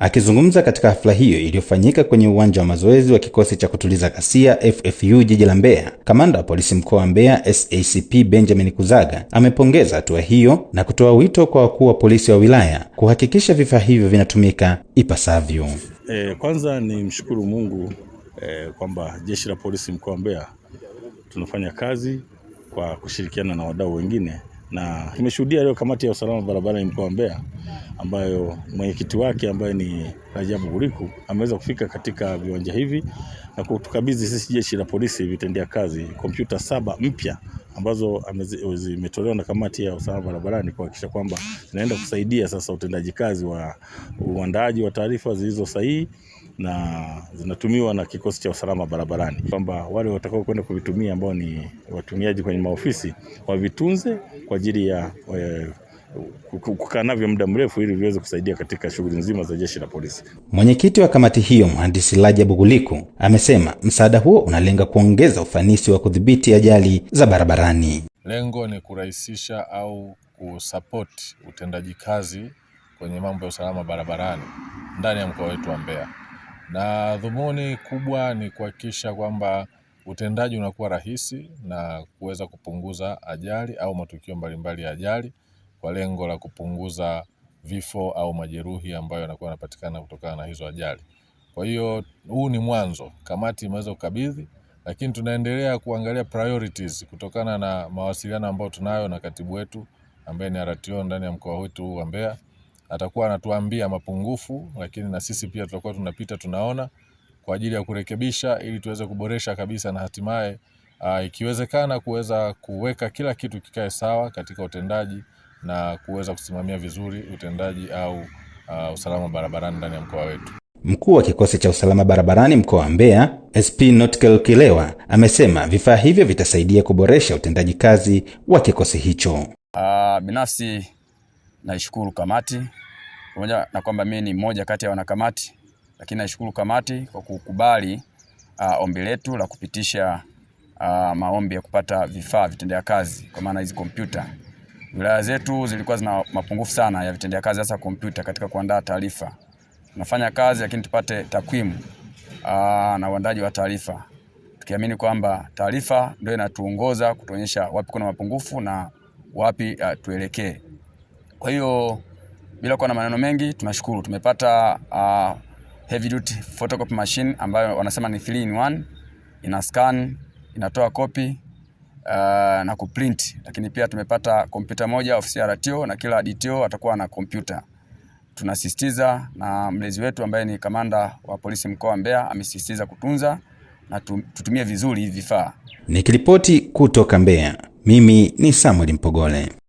Akizungumza katika hafla hiyo iliyofanyika kwenye uwanja wa mazoezi wa kikosi cha kutuliza ghasia FFU jiji la Mbeya, kamanda wa polisi mkoa wa Mbeya SACP Benjamin Kuzaga amepongeza hatua hiyo na kutoa wito kwa wakuu wa polisi wa wilaya kuhakikisha vifaa hivyo vinatumika ipasavyo. E, kwanza ni mshukuru Mungu e, kwamba jeshi la polisi mkoa wa Mbeya tunafanya kazi kwa kushirikiana na wadau wengine, na tumeshuhudia leo kamati ya usalama barabarani mkoa wa Mbeya ambayo mwenyekiti wake ambaye ni Rajabu Guriku ameweza kufika katika viwanja hivi na kutukabidhi sisi jeshi la polisi vitendea kazi kompyuta saba mpya ambazo zimetolewa na kamati ya usalama barabarani kuhakikisha kwamba zinaenda kusaidia sasa utendaji kazi wa uandaaji wa taarifa zilizo sahihi na zinatumiwa na kikosi cha usalama barabarani, kwamba wale watakao kwenda kuvitumia ambao ni watumiaji kwenye maofisi wavitunze kwa ajili ya eh, kukaa navyo muda mrefu ili viweze kusaidia katika shughuli nzima za jeshi la polisi. Mwenyekiti wa kamati hiyo mhandisi Rajabu Guliku amesema msaada huo unalenga kuongeza ufanisi wa kudhibiti ajali za barabarani. Lengo ni kurahisisha au kusapoti utendaji kazi kwenye mambo ya usalama barabarani ndani ya mkoa wetu wa Mbeya, na dhumuni kubwa ni kuhakikisha kwamba utendaji unakuwa rahisi na kuweza kupunguza ajali au matukio mbalimbali ya ajali kwa lengo la kupunguza vifo au majeruhi ambayo yanakuwa yanapatikana kutokana na hizo ajali. Kwa hiyo huu ni mwanzo, kamati imeweza kukabidhi, lakini tunaendelea kuangalia priorities kutokana na mawasiliano ambayo tunayo na katibu wetu ambaye ni RTO ndani ya mkoa wetu wa Mbeya. Atakuwa anatuambia mapungufu, lakini na sisi pia tutakuwa tunapita tunaona kwa ajili ya kurekebisha ili tuweze kuboresha kabisa na hatimaye ah, ikiwezekana kuweza kuweka kila kitu kikae sawa katika utendaji na kuweza kusimamia vizuri utendaji au uh, usalama barabarani ndani ya mkoa wetu. Mkuu wa kikosi cha usalama barabarani mkoa wa Mbeya, SP Notkel Kilewa, amesema vifaa hivyo vitasaidia kuboresha utendaji kazi wa kikosi hicho. Uh, binafsi uh, naishukuru kamati pamoja na kwamba mimi ni mmoja kati ya wanakamati, lakini naishukuru kamati kwa kukubali uh, ombi letu la kupitisha uh, maombi ya kupata vifaa vitendea kazi kwa maana hizi kompyuta Wilaya zetu zilikuwa zina mapungufu sana ya vitendea kazi hasa kompyuta katika kuandaa taarifa. tunafanya kazi lakini tupate takwimu na uandaji wa taarifa, tukiamini kwamba taarifa ndio inatuongoza kutuonyesha wapi kuna mapungufu na wapi uh, tuelekee. Kwa hiyo bila kuwa na maneno mengi, tunashukuru tumepata uh, heavy duty photocopy machine ambayo wanasema ni 3 in 1 ina scan, inatoa kopi uh, na kuprint, lakini pia tumepata kompyuta moja ofisi ya RTO na kila DTO atakuwa na kompyuta. Tunasisitiza na mlezi wetu ambaye ni kamanda wa polisi mkoa wa Mbeya amesisitiza kutunza na tutumie vizuri hivi vifaa. Nikiripoti kutoka Mbeya, mimi ni Samuel Mpogole.